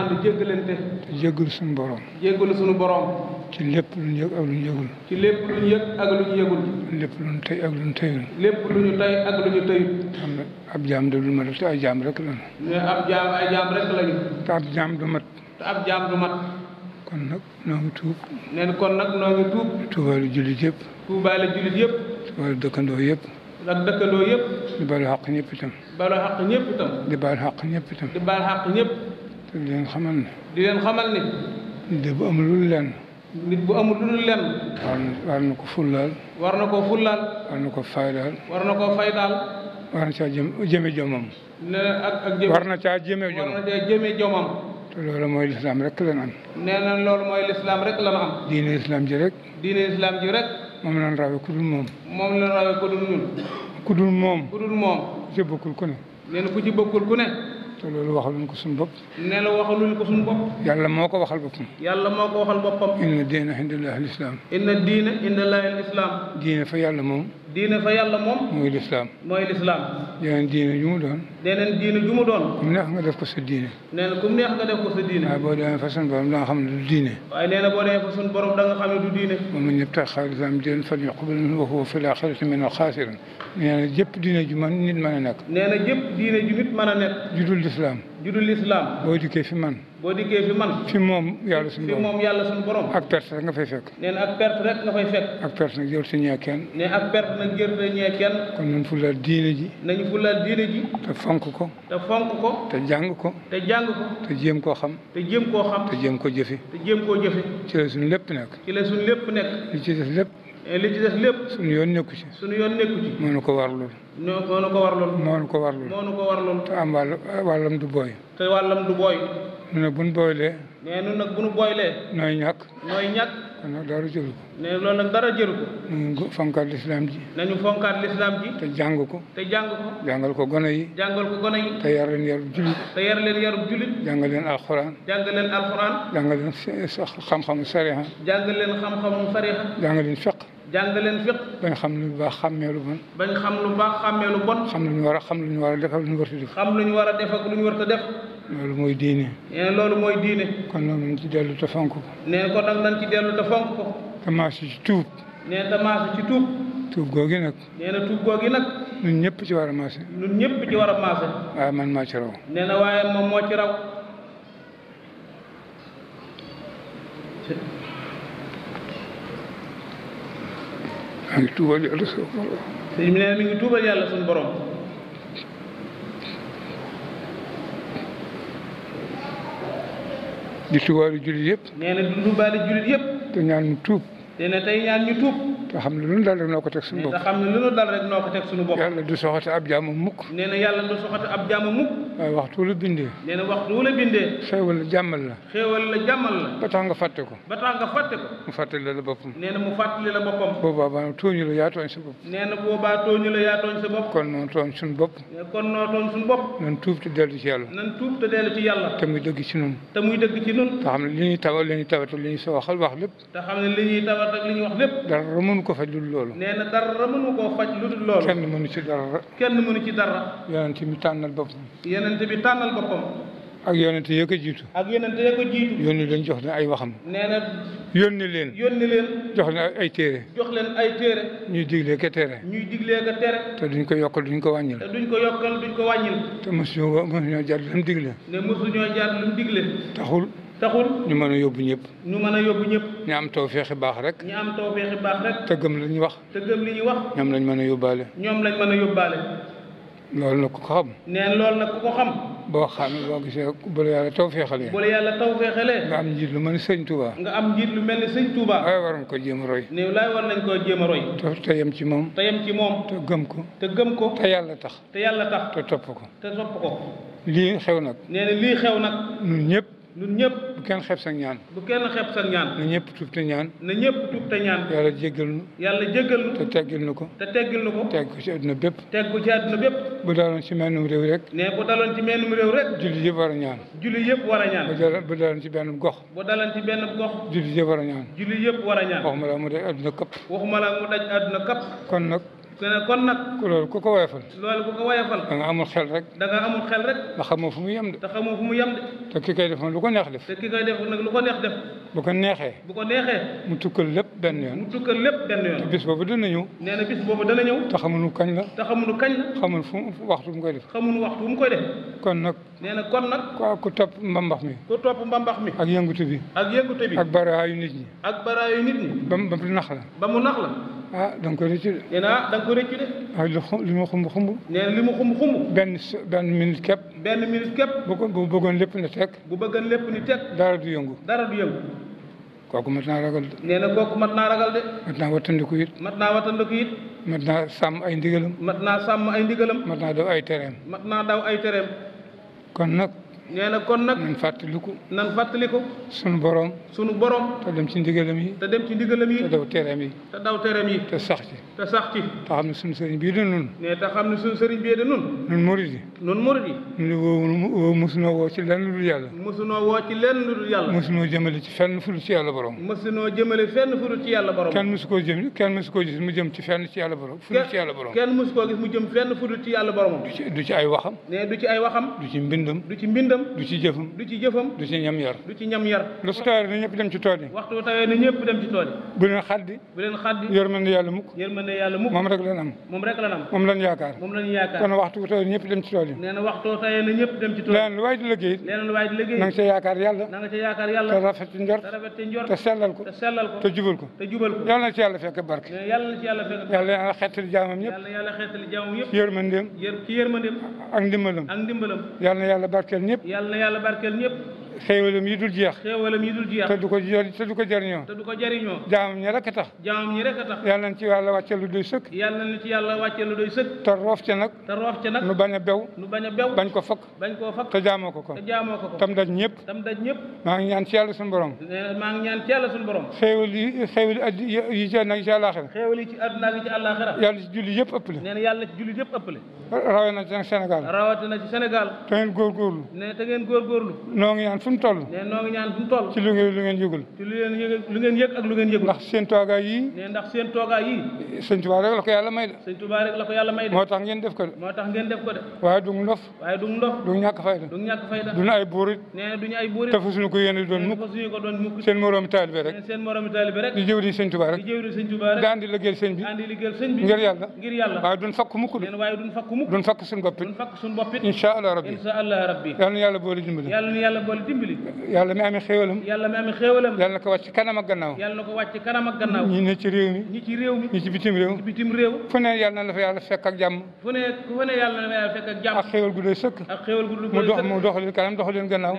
ànd jéggalante. jéggalu suñu borom. jéggalu suñu borom. ci lépp lu ñu yëg ak lu ñu yëgul. ci lépp lu ñu yëg ak lu ñu yëgul. lépp lu ñu tey ak lu ñu teyul. lépp lu ñu tey ak lu ñu teyul. xam nga ab jaam de lu ma def te ay jaam rek lañu. mais ab jaam ay jaam rek lañu. te ab jaam du mat. te ab jaam du mat. kon nag noo ngi tuub. nee na kon nag noo ngi tuub. tuubaalu jullit yëpp. tuubaalu jullit yëpp. tuubaalu dëkkandoo yëpp. ak dëkkandoo yëpp. di baalu xaq ñëpp itam. baalu xaq ñëpp itam. di baalu xaq ñëpp itam. di baalu xaq ñëpp. te di leen xamal ni. di xamal ni. nit bu amul lu lenn. nit bu amul lu lenn. war na war na ko fullaal. war na ko fullaal. war na ko faydaal. war na ko faydaal. war na caa jëm jomam. war na caa jëme jomam te loolu mooy lislaam rek lan am. nee loolu mooy lislaam rek lan am. diine lislaam ji rek. moom lan rawee ku moom. moom lan rawee ku moom. ku moom. ku ci bokkul ku ne. nee ku ci bokkul ku ne. te loolu waxaluñ ko suñu bopp. ne la waxaluñ ko suñu bopp. yàlla moo ko waxal boppam. yàlla moo ko waxal boppam. inna diina inda laahi al islaam. inna diina inda laahi al islaam. diine fa yàlla moom. diine fa yàlla moom. mooy lislaam. mooy lislaam. yeneen diine ju mu doon. yeneen diine ju mu doon. ku mu neex nga def ko sa diine. nee na ku mu neex nga def ko sa diine. waaye boo demee fa sunu borom da nga xam ne du diine. waaye nee na boo demee fa sunu borom da nga xam ne du diine. moom la ñu taxaw lislaam diine fan yoo xam ne waxoo fi laa xamante ne xaasiran nee na jëpp diine ju man nit mën a nekk. nee na jëpp diine ju nit mën a nekk. ju dul lislaam. ju dul islam. boo dikkee fi man. boo dikkee fi man. fi moom yàlla suñu borom fi moom yàlla suñu borom. ak perte rek nga fay fekk. nee na ak perte rek nga fay fekk. ak perte nag jërëjëf ñee kenn. nee ak perte nag jërëjëf ñee kenn. kon nañ fulaal diine ji. nañ fulaal diine ji. te fonk ko. te fonk ko. te jàng ko. te jàng ko. te jéem koo xam. te jéem koo xam. te jéem koo jëfe. te jéem koo jëfe. ci la suñu lépp nekk. ci la suñu lépp nekk. li ci des lépp. Eh, li ci des lépp. suñu yoon nekku ci. suñu yoon nekku ci. moo nu ko warlul ñoo moo nu ko moo nu ko warloon. moo te am wàll du booy. te wàllam du booy. ñu ne bu nu booylee. mais ñun nag bu nu booylee. nooy ñàkk. nooy ñàkk. kon dara jëru ko. loolu dara jëru ko. fonkaat lislaam ji. nañu fonkaat lislaam ji. te jàng ko. te jàng ko. jàngal ko gone yi. jàngal ko gone yi. te yar leen yarub julit. te yar leen yarub julit. jàngal leen alxuraan. jàngal leen alxuraan. jàngal leen xam-xamu sariha. jàngal leen xam-xamu sariha. jàngal leen fiq. jàng leen fiq bañ xam lu baax xàmmee lu bon bañ xam lu baax xàmmee lu bon xam lu ñu war a xam lu ñu war a def ak lu ñu warta def xam lu ñu war a def ak lu ñu warta def loolu mooy diine nee eh, loolu mooy diine kon nag nañ ci dellu te fonk ko nee kon nag nañ ci dellu te fonk ko tamaasu ci tuub nee tamaasu ci tuub tuub googi nag nee na tuub googi nag ñun ñëpp ci war a maase ñun ñëpp ci war a maase waaye man maa ci raw nee na waaye moom moo ci raw mi ngi tuubal yàlla suñu borom. sëñ bi nee mi ngi tuubal yàlla suñu borom. di tuubaale jullit yëpp. nee na du tuubaale jullit yëpp. te ñaan ñu tuub. nee na tey ñaan ñu tuub. te xam ne lu nu dal rek noo ko teg suñu la bindee. nee na waxtu la bindee. xéewal la jàmmal la. xéewal la tax nga fàtte ko. ba tax nga fàtte ko. mu la boppam. nee na mu fàttali la boppam. boobaa maanaam tooñu la yaa sa bopp. nee na boobaa tooñu la yaa tooñ sa bopp. kon noo tooñ suñu bopp. kon noo tooñ suñu bopp. nan tuub te dellu ci yàlla. nan tuub te dellu ci yàlla. te muy dëgg ci nun. te xam ne li ñuy tawat li ñuy tawat li ñuy soxal wax lépp. te xam ne li ñuy tawat ak wax lépp. dara mënu ko faj lu dul loolu. nee na dara mënu koo faj lu loolu. kenn mënu ci dara. kenn mënu ci dara. yonent bi tànnal boppam. yonent bi tànnal boppam. ak yonent ya ko jiitu. ak yonent ya ko jiitu. yónni leen jox leen ay waxam. nee leen. yónni leen. jox leen ay téere. jox leen ay téere. ñuy diglee ka téere. ñuy diglee duñ ko yokkal duñ ko wàññil. te duñ ko yokkal duñ ko wàññil. te mu digle. ñoo jaar lu mu digle. taxul. taxul ñu mën a yóbbu ñëpp ñu mën a yóbbu ñëpp ñi am tawféexi baax rek ñi am tawféexi baax rek te gëm li ñu wax te gëm li ñu wax ñoom lañ mën a yóbbaale ñoom lañ mën a yóbbaale loolu nag ku ko xam neen loolu nag ku ko xam boo xam boo gisee bu la yàlla tawféexalee bu la yàlla tawféexalee nga am njiit lu mel ni sëñ Touba nga am njiit lu mel ni sëñ Touba waaye waroon ko jéem a roy néew laay war nañ koo jéem a roy te te yem ci moom te yem ci moom te gëm ko te gëm ko te yàlla tax te yàlla tax te topp ko te topp ko lii xew nag nee na lii xew nag ñun ñëpp ñun ñëpp. bu kenn xeeb sa ñaan. bu kenn xeeb sa ñaan. na ñëpp tuub te ñaan. na ñëpp tuub te ñaan. yàlla jéggal nu. yàlla jéggal nu. te teggil nu ko. te teggil ko. teg ko ci àdduna bépp. teg ko ci àdduna bépp. bu daloon ci mennum réew rek. ne bu daloon ci mennum réew rek. julli yëpp war a ñaan. julli yëpp war a ñaan. bu daloon ci benn gox. bu daloon ci benn gox. julli yëpp war a ñaan. julli yëpp war a ñaan. waxuma la mu daj àdduna këpp. waxuma la mu daj àdduna këpp. kon nag. dana kon nag. loolu ku ko woyofal. loolu ku ko woyofal. da nga amul xel rek. da nga amul xel rek. ndax xamoo fu mu yem de. te xamoo mu yem de. te ki koy def nag lu ko neex def. te ki koy def nag lu ko neex def. bu ko neexee. bu ko neexee. mu tukkal lépp benn yoon. mu lépp benn yoon. te bis boobu dana ñëw. nee na bis boobu dana ñëw. te xamuñu kañ la. te xamuñu kañ la. xamuñu fu waxtu bu mu koy def. xamuñu waxtu mu koy def. kon nag. nee na kon nag. ku ku topp mbambax mi. ku topp mbambax mi. ak yëngutu bi. ak yëngutu bi. ak baraayu nit ñi. ak baraayu nit ñi. ba mu nax la. ba la. ah da nga koy de. nee naa da nga de. ah li li ma xumb xumbu nee li ma xumb benn su benn minute képp. benn minute képp. bu ko bu bëggoon lépp ni teg. bu bëggoon lépp ni teg. dara du yëngu. dara du yëngu. kooku mat naa ragal de. nee na kooku mat naa ragal de. mat naa wattandiku mat naa wattandiku mat naa sàmm ay ndigalam. mat naa sàmm ay ndigalam. mat naa daw ay tereem. mat naa daw ay tereem. kon nag. nee na kon nag. nan fàttaliku. nan fàttaliku. sunu borom. sunu borom. te dem ci ndigalam yi. te dem ci ndigalam yi. te daw tereem yi. te daw tereem yi. te sax ci. te sax ci. te xam ne sunu sëriñ bii de nun. nee te xam ne sunu sëriñ bii de nun. nun murid yi. nun murid yi. ñun woo mosunoo woo ci lenn lu dul yàlla. mosunoo woo ci lenn lu dul yàlla. mosunoo jëmale ci fenn fu dul ci yàlla borom. mosunoo jëmale fenn fu dul ci yàlla borom. kenn mosu koo jëm kenn mosu koo gis mu jëm ci fenn ci yàlla borom. fu dul ci yàlla borom. kenn mosu koo gis mu jëm fenn fu dul ci yàlla borom. du ci ay waxam. nee du ci ay waxam. du ci mbindam. du ci mbindam yitteem du ci jëfam du ci jëfam du ci ñam yar du ci ñam yar lu su tawee na ñëpp ci tool na ñëpp dem ci tool bu leen xaddi bu leen dem ak ndimbalam ak na yàlla barkeel ñëpp yàlla na yàlla barkeel ñëpp xéewalam yi dul jeex. xéewalam yi dul jeex. te du ko jëriñ te du ko jëriñoo. te du ko jëriñoo. jaamam ñi rek a tax. jaamam ñi rek a tax. yàlla nañ ci yàlla wàcce lu doy sëkk. yàlla nañ ci yàlla wàcce lu doy sëkk. te roof ca nag. te roof ca nag nu bañ a bew. nu bañ a bew bañ ko fakk. bañ koo fakk te jaamoo ko ko. te jaamoo ko ko tam daj ñëpp. tam daj ñëpp. maa ngi ñaan ci yàlla suñu borom. maa ngi ñaan ci yàlla suñu borom. xéewal yi xéewal yi ci àdduna ak ci àllaaxira. xéewal yi ci àdduna ak ci àllaaxira. yàlla ci julli yëpp ëppale. nee na yàlla ci julli yëpp ëppale. rawee na ci Sénégal. rawate na ci Sénégal. te ngeen góorgóorlu. nee te ngeen góorgóorlu. noo ngi ñaan fu mu toll nee noo ngi ñaan fu mu toll ci lu ngeen lu ngeen yëgul ci lu ngeen yëg lu ngeen ndax seen toogaay yi seen toogaay yi sëñ Tuubaa rek la ko yàlla may de moo tax ngeen def ko de waaye du ndof waaye du fayda du ñàkk fayda duñu ay buurit nee duñu ko yéene doon mukk seen moroomi taalibe rek di jëw di sëñ di jëw di sëñ di liggéeyal sëñ bi bi ngir yàlla waaye duñ fakk mukk de waaye duñ fakk mukk allah rabbi incha allah yàlla na yàlla dimbali yàlla mi amee xéewalam yàlla mi amee xéewalam yàlla na ko wàcc kanam ak gannaaw yàlla na ko wàcc kanam ak gannaaw ñi ne ci réew mi ñi ci réew mi ñi ci bitim réew ci bitim réew fu ne yàlla na la fa yàlla fekk ak jàmm fu ne fu ne yàlla na la yàlla fekk ak jàmm ak sëkk mu dox mu dox leen kanam dox leen gannaaw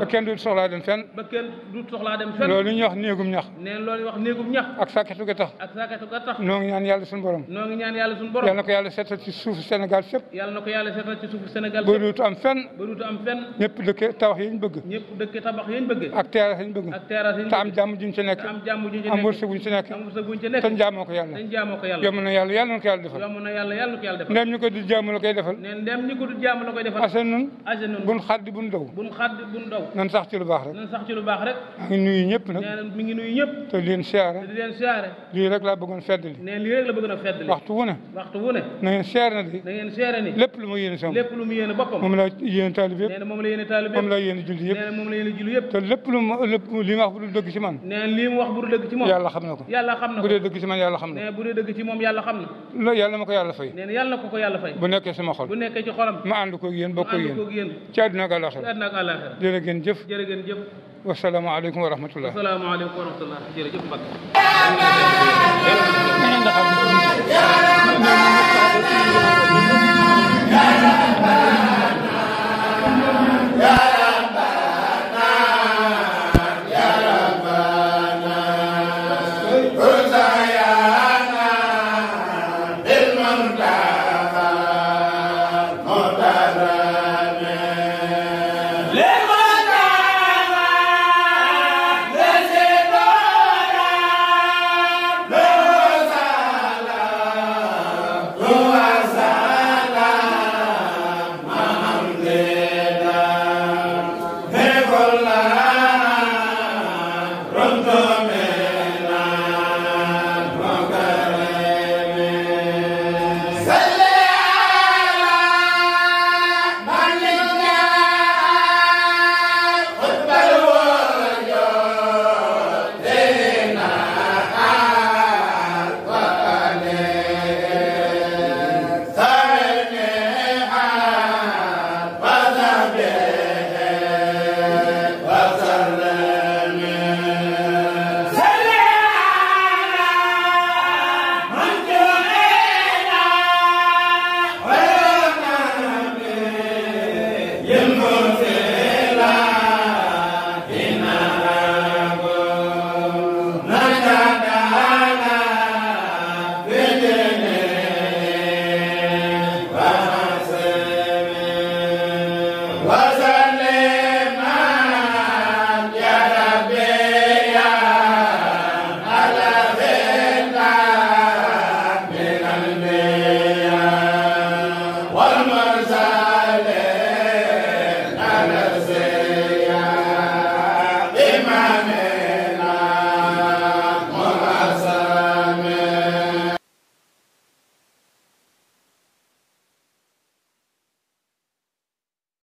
ba kenn du soxlaa dem fenn loolu ñu wax ñax ne loolu wax néegum ñax ak sàkkatu ga tax ak ñaan yàlla suñu borom noo ko yàlla seetal ci suufu Sénégal fépp ba duutu am fenn ba duutu dëkk tabax yi ñu bëgg. ñëpp dëkk tabax yi ñu bëgg. ak terrasse yi ñu bëgg. ak terrasse yi ñu bëgg te am jàmm juñ ci nekk. am jàmm juñ ci ci nekk. am wërsëg yàlla. yomb na yàlla yàlla na ko yàlla defal. ndem ñu ko du jaamu la ase nun. ase xaddi buñ daw. nan sax ci lu baax rek. nan sax ci lu baax rek. maa ngi nuyu ñëpp nag. nee mi ngi nuyu leen siyaare. lii rek la bëggoon a feddali. waxtu wu ne. waxtu na di. lépp lu mu yéene sama. moom la yéene taalib yëpp. moom la yéen a julli yëpp nee na moom la yéen a julli yëpp te lépp lu ma lépp li ma wax bu dul dëgg ci man nee na li mu wax bu dul dëgg ci moom yàlla xam na ko yàlla xam na ko bu dee dëgg ci man yàlla xam na nee na bu dee dëgg ci moom yàlla xam na loolu yàlla ma ko yàlla fay nee na yàlla ko ko yàlla fay bu nekkee sama xol bu nekkee ci xolam ma ànd ko yéen bokk ko yéen ci àdduna ak àllaaxira ci àdduna ak àllaaxira jërë ngeen jëf jërë ngeen jëf wasalaamaaleykum wa rahmatullah wasalaamaaleykum wa rahmatullah jërëjëf Mbacke yaa